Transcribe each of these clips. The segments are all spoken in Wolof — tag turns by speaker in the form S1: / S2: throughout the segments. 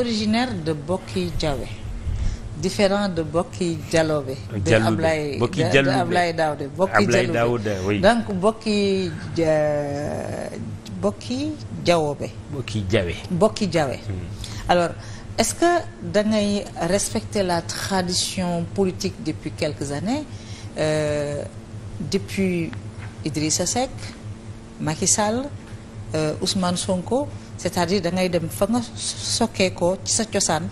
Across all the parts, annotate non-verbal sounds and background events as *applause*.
S1: originaire de Bokki Diawé différent de Bokki Dialobé de Ablaye de Ablaye Daoudé Bokki Dialobé oui. donc Bokki euh, Bokki Diawobé
S2: Bokki Diawé
S1: Bokki Diawé
S2: hmm.
S1: alors est-ce que da ngay respecter la tradition politique depuis quelques années euh, depuis Idrissa Seck Macky Sall euh, Sonko c'est-à-dire da ngay dem fa nga sokkee ko ci sa cosaan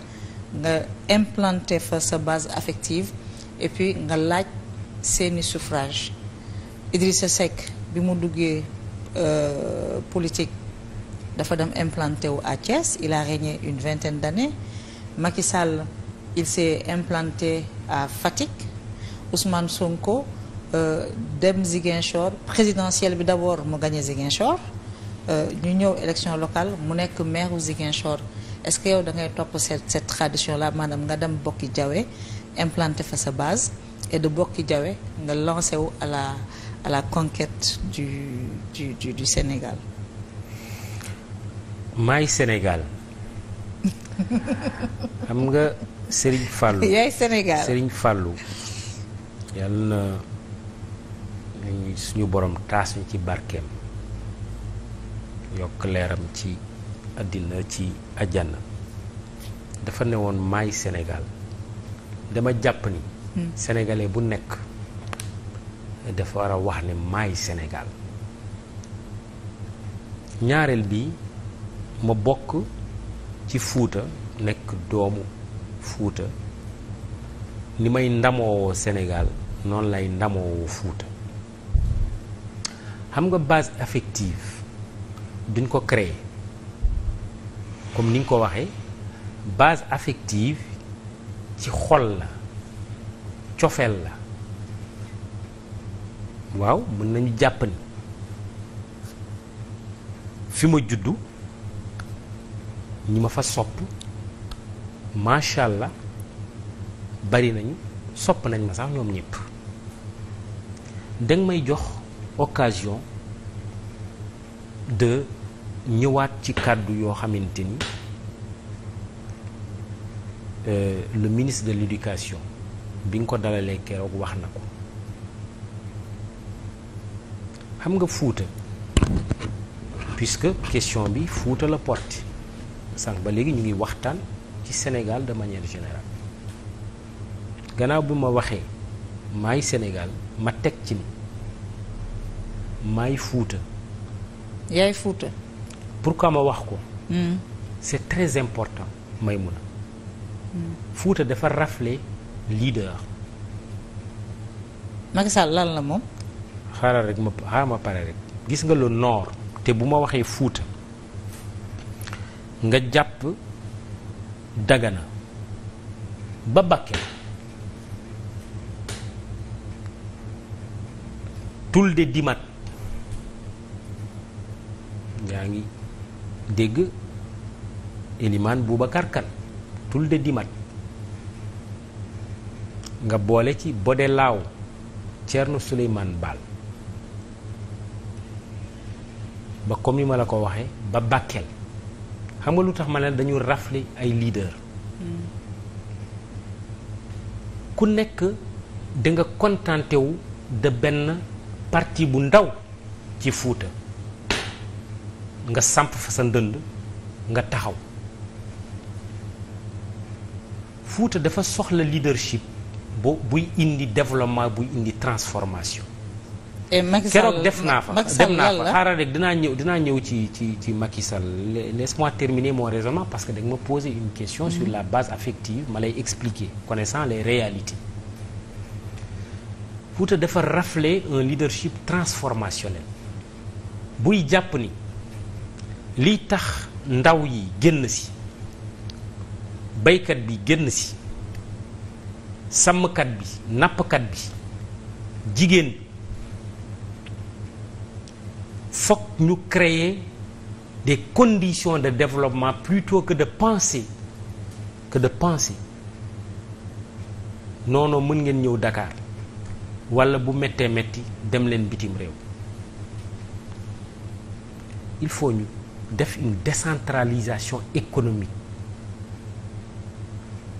S1: nga implanter fa sa base affective et puis nga laaj seeni suffrage Idrissa Seck bi mu duggee euh, politique dafa dem implanté wu à Thiès il a régné une vingtaine d'années Macky Sall il s'est implanté à Fatick Ousmane Sonko euh, dem Ziguinchor présidentielle bi d'abord mu gagné Ziguinchor Euh, ñu ñëw élection locale mu nekk maire u Ziguinchor est-ce que yow da ngay topp cette cette tradition la maanaam nga dem bokki jawe implanté fa sa base et de bokki jawe nga lancé wu à la à la conquête du du du, du Sénégal.
S2: maay Sénégal xam nga Serigne Fallou yaay Sénégal Serigne Fallou yàlla suñu borom taas ñu ci barkeem. yokk leeram ci àddina ci àjjana dafa ne woon maay Sénégal dama jàpp ni hmm. sénégalais bu nekk dafa war a wax ne may senegaal ñaareel bi ma bokk ci Fuuta nekk doomu Fuuta ni may ndamoowoo Sénégal noonu lay ndamoowoo Fuuta xam nga base affective duñ ko créer comme ni nga ko waxee base affective ci xol la cofeel la waaw mën nañu jàpp ni fi ma juddu ñi ma fa sopp macha allah bari nañu sopp nañ ma sax ñoom ñëpp danga may jox occasion de ñëwaat ci kàddu yoo xamante ni euh, le ministre de l'éducation bi nga ko dalalee keroog wax na ko xam nga Fuuta puisque question bi Fuuta la porte sànq ba léegi ñu ngi waxtaan ci Sénégal de manière général gannaaw bi ma waxee maay Sénégal ma teg ci ni maay Fuuta yaay Fuuta pourquoi ma wax ko hmm. c'est très important Maïmouna hmm. fuuta dafa rafle leader
S1: Macky la moom
S2: xaaral rek ma xaaral ma gis nga le noor te bu ma waxee Fouta nga jàpp Dagana ba Bakel Toul de Dimat yaa ngi dégg Eliman Boubacar Kane Toulde Dimat nga boole ci Bodé Laaw Thierno Souleymane Baal ba comme ni ma la ko waxe ba Bakel xam nga lu tax ma ne dañu rafle ay leader ku nekk da nga contenté wu benn parti bu ndaw ci Fuuta nga samp fa sa ndënd nga taxaw Fuuta dafa soxla leadership bu buy indi développement buy indi transformation.
S1: keroog def naa fa dem naa fa xaaral rek
S2: danaa ñëw danaa ñëw ci ci ci Macky les laisse-moi terminer moo raisonnement parce que da nga ma poser une question sur la base affective ma lay expliquer connaissant les réalités Fouta dafa rafler un leadership transformationnel buy jàpp ni li tax ndaw yi génn si baykat bi génn si sàmmkat bi nappkat bi jigéen bi ñu créer de condition de développement plutôt que de penser que de penser noonu mën ngeen ñëw dakaar walla bu méttee metti dem leen bitim réew il faut ñu def une décentralisation économique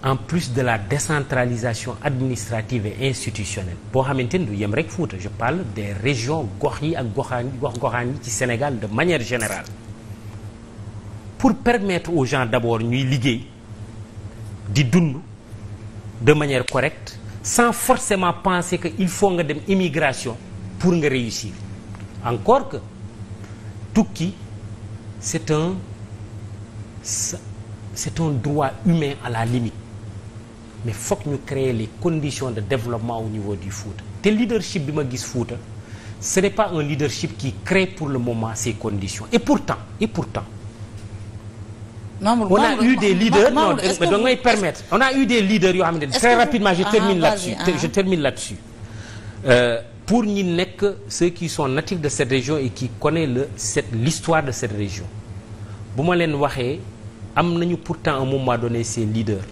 S2: en plus de la décentralisation administrative et institutionnelle boo xamante ni du yem rek Fuuta je parle des région gox yi ak goxaan gox goxaan yi ci Sénégal de manière général pour permettre aux gens d'abord ñuy liggéey di dund de manière correcte sans forcément penser que il faut nga dem immigration pour nga réussir encore que tukki c'est un c'est un droit humain à la limite mais foog ñu créer les conditions de développement au niveau du Fouta te leadership bi ma gis Fouta ce n'est pas un leadership qui crée pour le moment ces conditions et pourtant et pourtant
S1: Mamour, on a Mamour, eu des leaders Mamour, non ngay
S2: permettre on a eu des leaders yoo xam ne très rapidement ah, ah, ah. je termine là-dessus je termine là-dessus pour ñi nekk ceux qui sont natifs de cette région et qui connaissent le cette l'histoire de cette région bu ma leen waxee am nañu pourtant à un moment donné ces leaders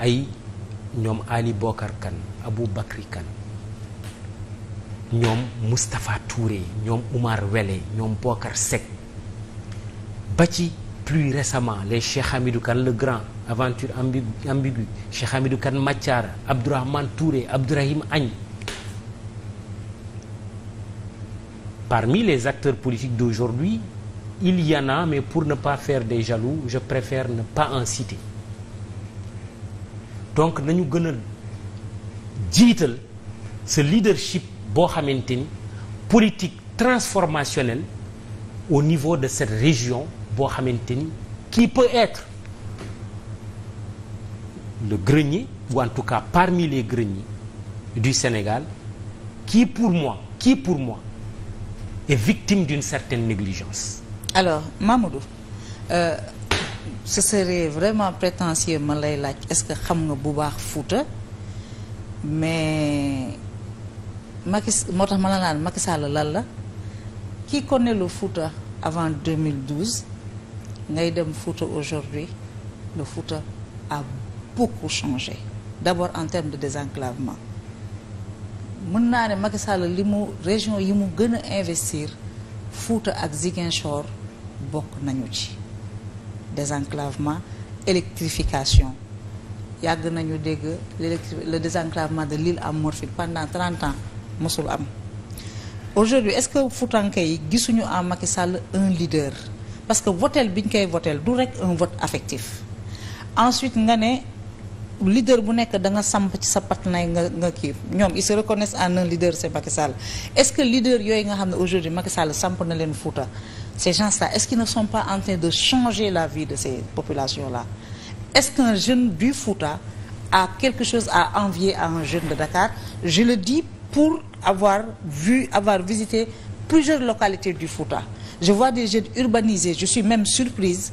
S2: ay ñoom Ali Bokar kan abu Bakri Kane ñoom Moustapha Touré ñoom Oumar Wele ñoom Bokar Seck ba ci plus récemment les Cheikh Hamidou Kane le grand aventure ambiguë Cheikh Hamidou Kane Mathiara Abdourahmane Touré Abdourahim añ Parmi les acteurs politiques d'aujourd'hui, il y en a, mais pour ne pas faire des jaloux, je préfère ne pas en citer. donc nañu gën a jiital ce leadership boo xamante ni politique transformationnelle au niveau de cette région boo xamante ni qui peut être le grenier ou en tout cas parmi les greniers du Sénégal qui pour moi qui pour moi est victime d'une certaine négligence.
S1: alors Mamadou euh, ce serait vraiment prétentieux ma lay laaj est-ce que xam nga bu baax Fuuta mais Macky moo tax ma la naan Macky Sall lan la qui connaît le Fouta avant 2012 ngay dem Fouta aujourd'hui le Fouta a beaucoup changé d'abord en termes de désenclavement mën naa ne Macky Sall li mu région yi mu gën a investir Fouta ak Ziguinchor bokk nañu ci désenclavement électrification yàgg nañu dégg le désenclavement de am amorphique pendant trente ans mosul am aujourd'hui est-ce que Foutanke yi gisuñu en Macky Sall un leader parce que votel bi ñu koy votel du rek un vote affectif ensuite nga ne leader bu nekk da nga samp ci sa patnaay nga nga kii ñoom ils se reconnaissent en un leader c'est Macky est-ce que leader yooy nga xam ne aujourd'hui Macky Sall samp na leen Fouta ces gens-là est-ce qu'ils ne sont pas en train de changer la vie de ces populations-là est-ce qu'un jeune du Fouta a quelque chose à envier à un jeune de Dakar je le dis pour avoir vu avoir visité plusieurs localités du Fouta je vois des jeunes urbanisés je suis même surprise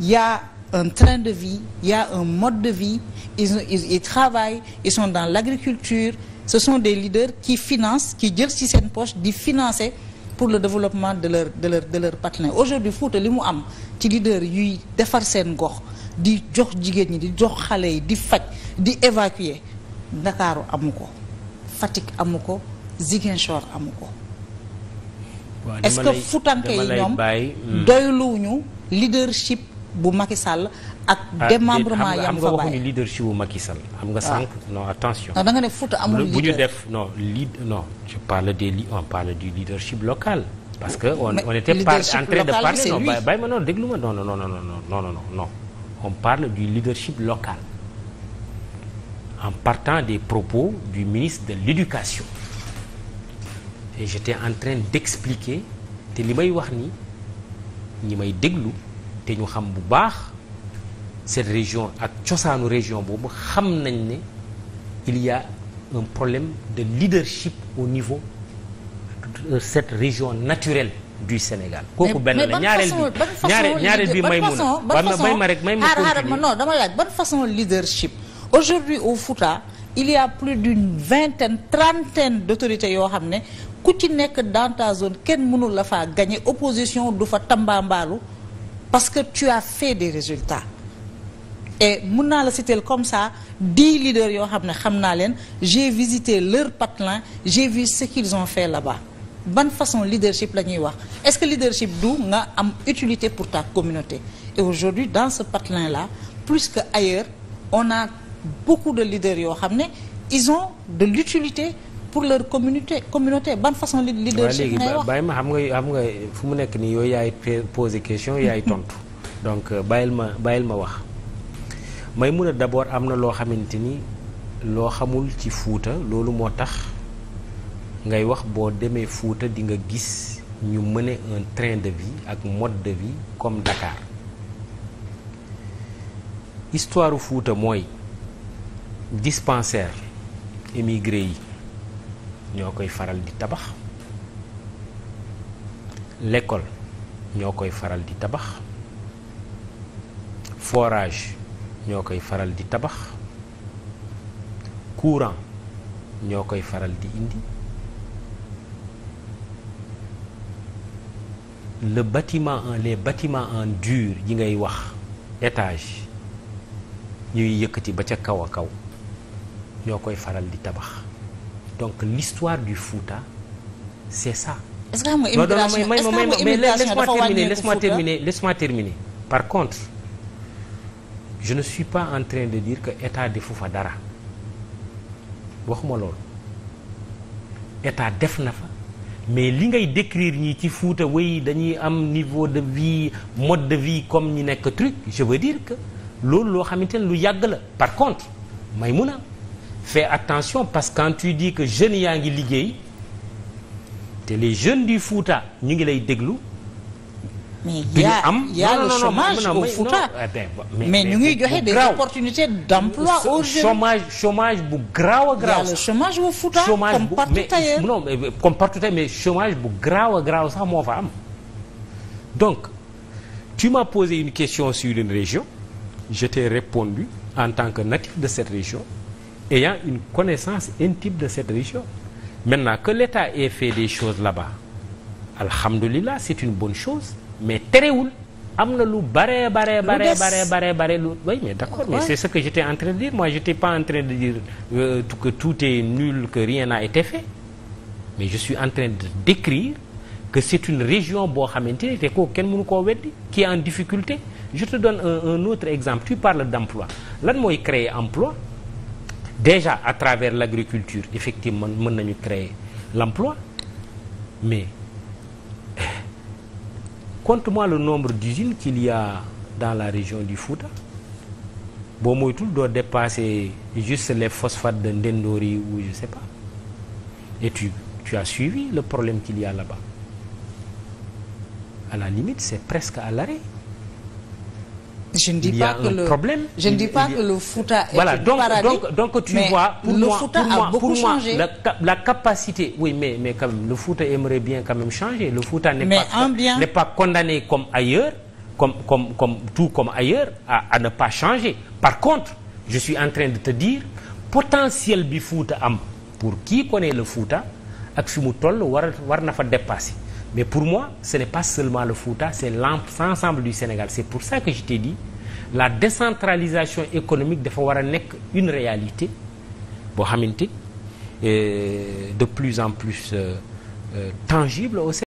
S1: il un train de vie, il un mode de vie, ils, ils, ils travaillent, ils sont dans l'agriculture. Ce sont des leaders qui financent, qui jël ci seen poche di financer pour le développement de leur de leur de leur patelin. Aujourd'hui Fouta li mu am ci leader yuy defar seen gox di jox jigéen ñi di jox xale yi di faj di évacuer Ndakaaru amu ko Fatick amu ko Ziguinchor amu ko.
S2: est-ce que Foutanke yi ñoom hmm.
S1: doyluwuñu leadership. bu Macky Sall ak ah, démembrement yam fa bàyyi xam nga waxuñu
S2: leadership bu Macky Sall xam nga ah. sànq non attention non da nga ne Fouta amul leader bu ñu def non lead non je parle des li on parle du leadership local parce que on on était par en train de parler non bàyyi ma noonu déglu ma non non non non non non non on parle du leadership local en partant des propos du ministre de l'éducation et j'étais en train d'expliquer te li may wax ni ñi may déglu te ñu xam bu baax cette région ak cosaanu région boobu xam nañ ne il y un problème de leadership au niveau de cette région naturelle du Sénégal kooku benn la ñaareel bi ñaareel bi may mun a ban façon ma rek may ma continuer
S1: dama laaj ban façon leadership aujourd'hui au Fouta il y a plus d'une vingtaine trentaine d'autorités yoo xam ne ku ci nekk dans zone kenn mënul la faa gagner opposition du fa tambaambaalu parce que tu as fait des résultats et mun naa la citer comme ça dix leaders yoo xam ne xam naa leen j'ai visité leur patelin j'ai vu ce qu'ils ont fait là-bas ban façon leadership la ñuy wax est-ce que leadership du nga am utilité pour ta communauté et aujourd'hui dans ce patelin là plus que ailleurs on a beaucoup de leaders yoo xam ne ils ont de l'utilité pour leur communauté communauté ban façon leadership ngay wax bàyyi
S2: ma xam nga xam nga fu mu nekk nii yooyu yaay poser question yaay *laughs* tontu donc euh, bàyyil ma bàyyil ma wax may mun a d'abord am na loo xamante ni loo xamul ci fuuta loolu moo tax ngay wax boo demee fuuta di nga gis ñu mëne un train de vie ak mode de vie comme Dakar histoire fuuta mooy dispensaire émigré yi ñoo koy faral di tabax l'école ñoo koy faral di tabax forage ñoo koy faral di tabax courant ñoo koy faral di indi le bâtiment en les en dur yi ngay wax étage ñuy yëkkati ba ca kaw a kaw ñoo koy faral di tabax donc l'histoire du Fouta c'est ça. est-ce que xam immigration est-ce que xam nga immigration dafa wàññeeku laisse-moi terminer laisse-moi terminer par contre je ne suis pas en train de dire que état defu fa dara waxuma loolu état def na fa mais li ngay décrire ñi ci Fouta wéy dañuy am niveau de vie mode de vie comme ñi nekk truc je veux dire que loolu loo xamante ne lu yàgg la par contre may mun a fais attention parce que quand tu dis que jeunes yaa ngi liggéey te les jeunes du Fouta ñu ngi lay déglu. duñu am mais y' a le chômage ñu ngi joxe des bu graaw a graaw. Fouta comme partout bu graaw a graaw sax moo fa am donc tu m'as posé une question sur une région je t'ai répondu en tant que natif de cette région. ayant une connaissance type de cette région maintenant que l'État ait fait des choses là-bas alhamdulilah c'est une bonne chose mais terewul am na lu bare bare bare bare bare bare lu oui mais d'accord mais c'est ce que j'étais en train de dire moi j'étais pas en train de dire euh, que tout est nul que rien n'a été fait mais je suis en train de décrire que c'est une région boo xamante ni te kooku kenn mënu koo weddi qui en difficulté je te donne un, un autre exemple tu lan mooy créer emploi déjà à travers l'agriculture effectivement mën nañu créer l'emploi mais eh, compte-moi le nombre d'usines qu'il y a dans la région du Fouta boo moytul doo dépasser juste les phosphates de Ndendori ou je sais pas et tu tu as suivi le problème qu'il y a là-bas à la limite c'est presque à l'arrêt Je ne dis il y pas que le
S1: Fouta est voilà, donc, paradis, donc, donc tu mais vois, pour moi, a beaucoup changé.
S2: La, capacité, oui, mais, mais quand même, le Fouta aimerait bien quand même changer. Le Fouta n'est pas, bien... pas condamné comme ailleurs, comme, comme, comme tout comme ailleurs, à, ne pas changer. Par contre, je suis en train de te dire, potentiel bi Fouta am, pour qui connaît le Fouta, ak fi mu tol war war na mais pour moi ce n'est pas seulement le Fouta c'est l'ensemble du Sénégal c'est pour ça que je t'ai dit la décentralisation économique dafa war a nekk une réalité boo xamante euh, de plus en plus euh, euh, tangible